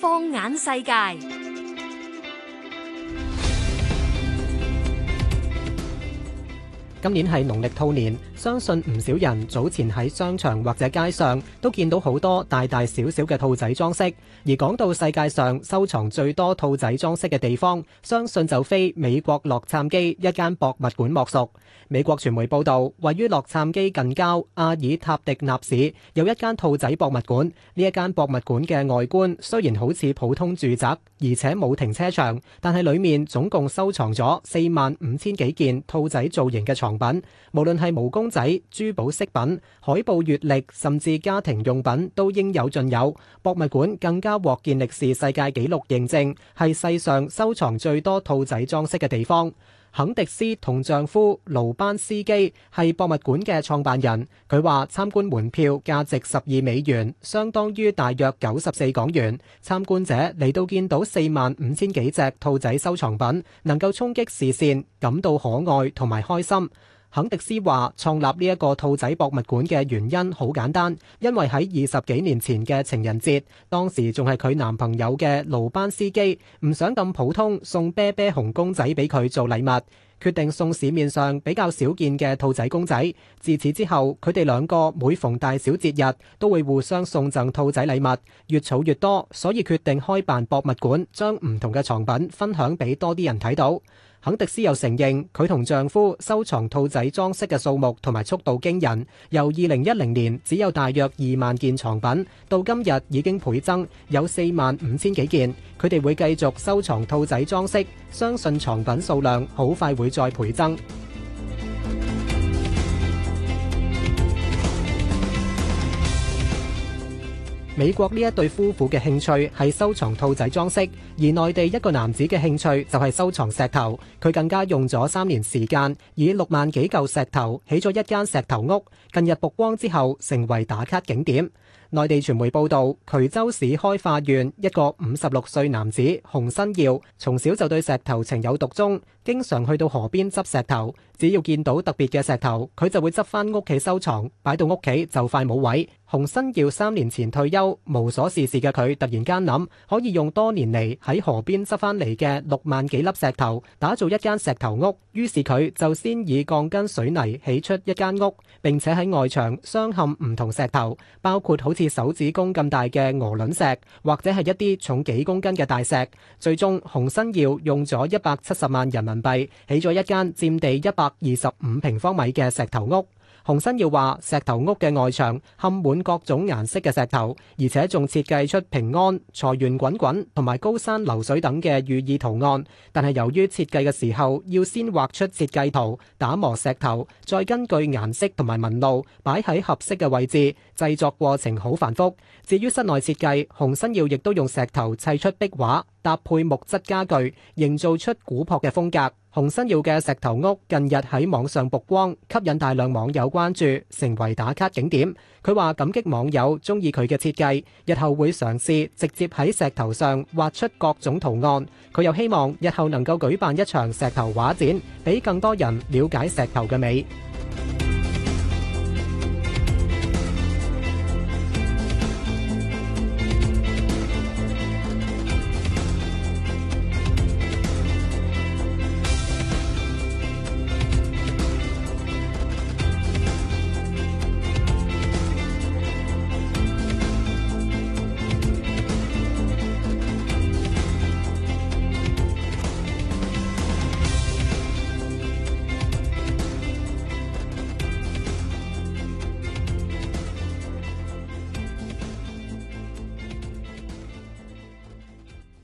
放眼世界。今年係農曆兔年，相信唔少人早前喺商場或者街上都見到好多大大小小嘅兔仔裝飾。而講到世界上收藏最多兔仔裝飾嘅地方，相信就非美國洛杉磯一間博物館莫屬。美國傳媒報道，位於洛杉磯近郊阿爾塔迪納市有一間兔仔博物館。呢一間博物館嘅外觀雖然好似普通住宅，而且冇停車場，但係裡面總共收藏咗四萬五千幾件兔仔造型嘅藏品。用品，無論係毛公仔、珠寶飾品、海報、月曆，甚至家庭用品，都應有盡有。博物館更加獲健力士世界紀錄認證，係世上收藏最多兔仔裝飾嘅地方。肯迪斯同丈夫盧班斯基係博物館嘅創辦人。佢話參觀門票價值十二美元，相當於大約九十四港元。參觀者嚟到見到四萬五千幾隻,隻兔仔收藏品，能夠衝擊視線，感到可愛同埋開心。肯迪斯話：創立呢一個兔仔博物館嘅原因好簡單，因為喺二十幾年前嘅情人節，當時仲係佢男朋友嘅勞班司機，唔想咁普通送啤啤熊公仔俾佢做禮物，決定送市面上比較少見嘅兔仔公仔。自此之後，佢哋兩個每逢大小節日都會互相送贈兔仔禮物，越儲越多，所以決定開辦博物館，將唔同嘅藏品分享俾多啲人睇到。肯迪斯又承認，佢同丈夫收藏兔仔裝飾嘅數目同埋速度驚人，由二零一零年只有大約二萬件藏品，到今日已經倍增，有四萬五千幾件。佢哋會繼續收藏兔仔裝飾，相信藏品數量好快會再倍增。美國呢一對夫婦嘅興趣係收藏兔仔裝飾，而內地一個男子嘅興趣就係收藏石頭。佢更加用咗三年時間，以六萬幾嚿石頭起咗一間石頭屋。近日曝光之後，成為打卡景點。內地傳媒報導，衢州市開化縣一個五十六歲男子洪新耀，從小就對石頭情有獨鍾，經常去到河邊執石頭。只要見到特別嘅石頭，佢就會執翻屋企收藏，擺到屋企就快冇位。洪新耀三年前退休，無所事事嘅佢突然間諗可以用多年嚟喺河邊執翻嚟嘅六萬幾粒石頭打造一間石頭屋。於是佢就先以鋼筋水泥起出一間屋，並且喺外牆鑲嵌唔同石頭，包括好似手指公咁大嘅鵝卵石，或者係一啲重幾公斤嘅大石，最終洪新耀用咗一百七十萬人民幣起咗一間佔地一百二十五平方米嘅石頭屋。洪新耀話，石頭屋嘅外牆嵌滿各種顏色嘅石頭，而且仲設計出平安、財源滾滾同埋高山流水等嘅寓意圖案。但係由於設計嘅時候要先畫出設計圖，打磨石頭，再根據顏色同埋紋路擺喺合適嘅位置，製作過程好繁複。至於室內設計，洪新耀亦都用石頭砌出壁畫，搭配木質家具，營造出古樸嘅風格。洪新耀嘅石頭屋近日喺網上曝光，吸引大量網友關注，成為打卡景點。佢話感激網友中意佢嘅設計，日後會嘗試直接喺石頭上畫出各種圖案。佢又希望日後能夠舉辦一場石頭畫展，俾更多人了解石頭嘅美。